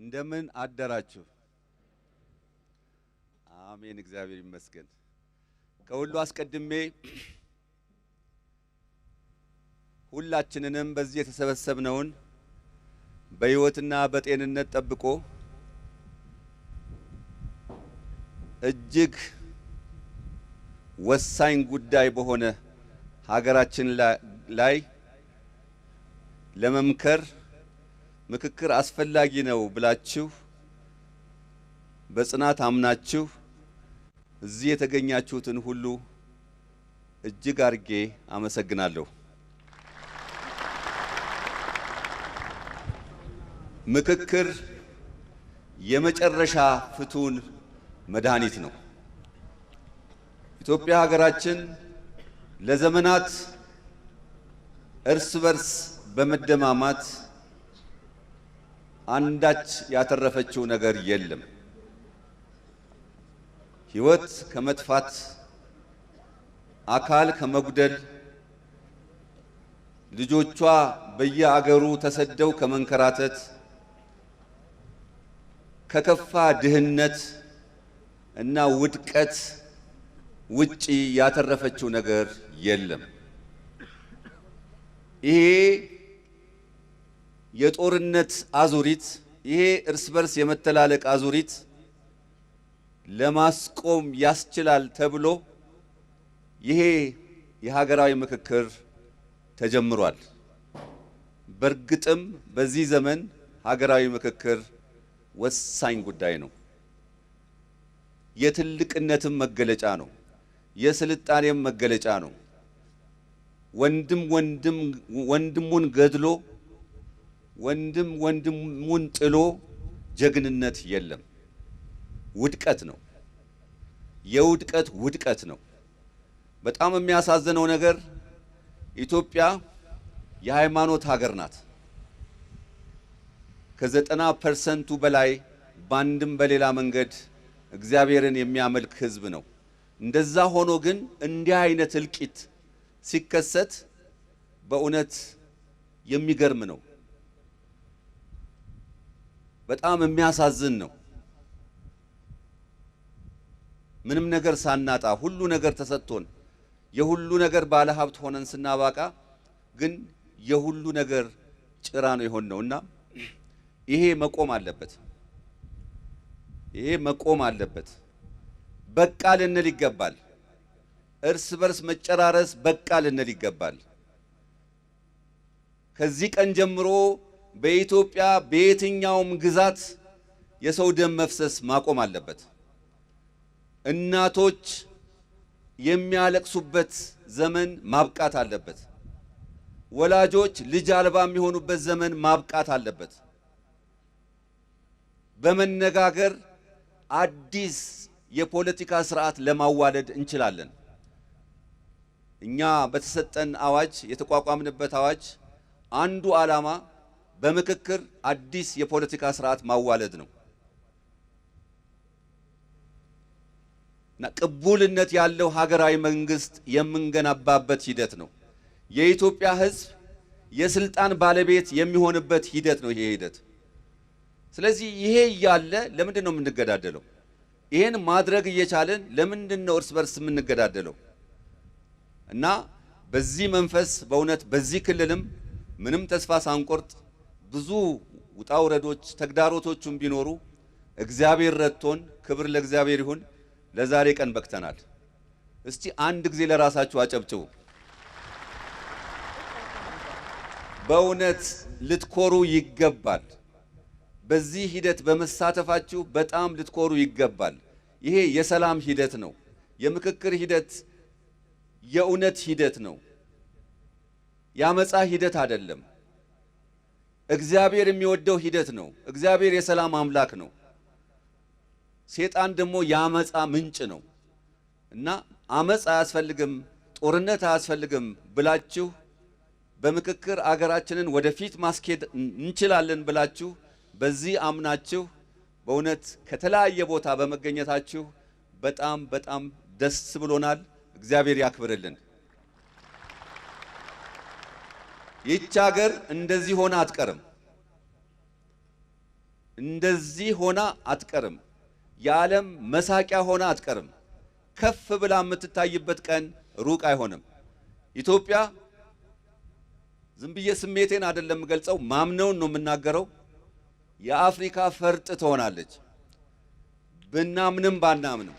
እንደምን አደራችሁ? አሜን። እግዚአብሔር ይመስገን። ከሁሉ አስቀድሜ ሁላችንንም በዚህ የተሰበሰብነውን በሕይወትና በጤንነት ጠብቆ እጅግ ወሳኝ ጉዳይ በሆነ ሀገራችን ላይ ለመምከር ምክክር አስፈላጊ ነው ብላችሁ በጽናት አምናችሁ እዚህ የተገኛችሁትን ሁሉ እጅግ አርጌ አመሰግናለሁ። ምክክር የመጨረሻ ፍቱን መድኃኒት ነው። ኢትዮጵያ ሀገራችን ለዘመናት እርስ በርስ በመደማማት አንዳች ያተረፈችው ነገር የለም። ሕይወት ከመጥፋት አካል ከመጉደል ልጆቿ በየአገሩ ተሰደው ከመንከራተት ከከፋ ድህነት እና ውድቀት ውጪ ያተረፈችው ነገር የለም። ይሄ የጦርነት አዙሪት ይሄ እርስ በርስ የመተላለቅ አዙሪት ለማስቆም ያስችላል ተብሎ ይሄ የሀገራዊ ምክክር ተጀምሯል። በእርግጥም በዚህ ዘመን ሀገራዊ ምክክር ወሳኝ ጉዳይ ነው። የትልቅነትም መገለጫ ነው። የስልጣኔም መገለጫ ነው። ወንድም ወንድም ወንድሙን ገድሎ ወንድም ወንድሙን ጥሎ ጀግንነት የለም፣ ውድቀት ነው። የውድቀት ውድቀት ነው። በጣም የሚያሳዝነው ነገር ኢትዮጵያ የሃይማኖት ሀገር ናት። ከዘጠና ፐርሰንቱ በላይ በአንድም በሌላ መንገድ እግዚአብሔርን የሚያመልክ ህዝብ ነው። እንደዛ ሆኖ ግን እንዲህ አይነት እልቂት ሲከሰት በእውነት የሚገርም ነው። በጣም የሚያሳዝን ነው። ምንም ነገር ሳናጣ ሁሉ ነገር ተሰጥቶን የሁሉ ነገር ባለ ሀብት ሆነን ስናባቃ ግን የሁሉ ነገር ጭራ ነው የሆን ነው እና ይሄ መቆም አለበት። ይሄ መቆም አለበት። በቃ ልንል ይገባል። እርስ በርስ መጨራረስ በቃ ልንል ይገባል። ከዚህ ቀን ጀምሮ በኢትዮጵያ በየትኛውም ግዛት የሰው ደም መፍሰስ ማቆም አለበት። እናቶች የሚያለቅሱበት ዘመን ማብቃት አለበት። ወላጆች ልጅ አልባ የሚሆኑበት ዘመን ማብቃት አለበት። በመነጋገር አዲስ የፖለቲካ ስርዓት ለማዋለድ እንችላለን። እኛ በተሰጠን አዋጅ የተቋቋምንበት አዋጅ አንዱ ዓላማ በምክክር አዲስ የፖለቲካ ስርዓት ማዋለድ ነው እና ቅቡልነት ያለው ሀገራዊ መንግስት የምንገነባበት ሂደት ነው። የኢትዮጵያ ህዝብ የስልጣን ባለቤት የሚሆንበት ሂደት ነው ይሄ ሂደት። ስለዚህ ይሄ እያለ ለምንድን ነው የምንገዳደለው? ይሄን ማድረግ እየቻለን ለምንድን ነው እርስ በርስ የምንገዳደለው? እና በዚህ መንፈስ በእውነት በዚህ ክልልም ምንም ተስፋ ሳንቆርጥ ብዙ ውጣውረዶች ተግዳሮቶቹም ቢኖሩ እግዚአብሔር ረድቶን፣ ክብር ለእግዚአብሔር ይሁን። ለዛሬ ቀን በቅተናል። እስቲ አንድ ጊዜ ለራሳችሁ አጨብጭቡ። በእውነት ልትኮሩ ይገባል። በዚህ ሂደት በመሳተፋችሁ በጣም ልትኮሩ ይገባል። ይሄ የሰላም ሂደት ነው፣ የምክክር ሂደት፣ የእውነት ሂደት ነው፣ ያመጻ ሂደት አይደለም። እግዚአብሔር የሚወደው ሂደት ነው። እግዚአብሔር የሰላም አምላክ ነው። ሴጣን ደግሞ የአመፃ ምንጭ ነው እና አመፅ አያስፈልግም፣ ጦርነት አያስፈልግም ብላችሁ በምክክር አገራችንን ወደፊት ማስኬድ እንችላለን ብላችሁ በዚህ አምናችሁ በእውነት ከተለያየ ቦታ በመገኘታችሁ በጣም በጣም ደስ ብሎናል። እግዚአብሔር ያክብርልን። ይች ሀገር እንደዚህ ሆና አትቀርም፣ እንደዚህ ሆና አትቀርም፣ የዓለም መሳቂያ ሆና አትቀርም። ከፍ ብላ የምትታይበት ቀን ሩቅ አይሆንም። ኢትዮጵያ ዝም ብዬ ስሜቴን አይደለም ገልጸው ማምነውን ነው የምናገረው። የአፍሪካ ፈርጥ ትሆናለች ብናምንም ባናምንም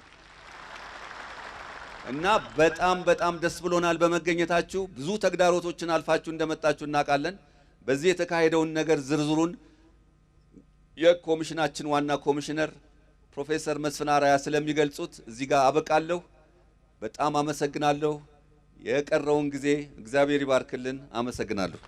እና በጣም በጣም ደስ ብሎናል በመገኘታችሁ። ብዙ ተግዳሮቶችን አልፋችሁ እንደመጣችሁ እናውቃለን። በዚህ የተካሄደውን ነገር ዝርዝሩን የኮሚሽናችን ዋና ኮሚሽነር ፕሮፌሰር መስፍን አራያ ስለሚገልጹት እዚህ ጋር አበቃለሁ። በጣም አመሰግናለሁ። የቀረውን ጊዜ እግዚአብሔር ይባርክልን። አመሰግናለሁ።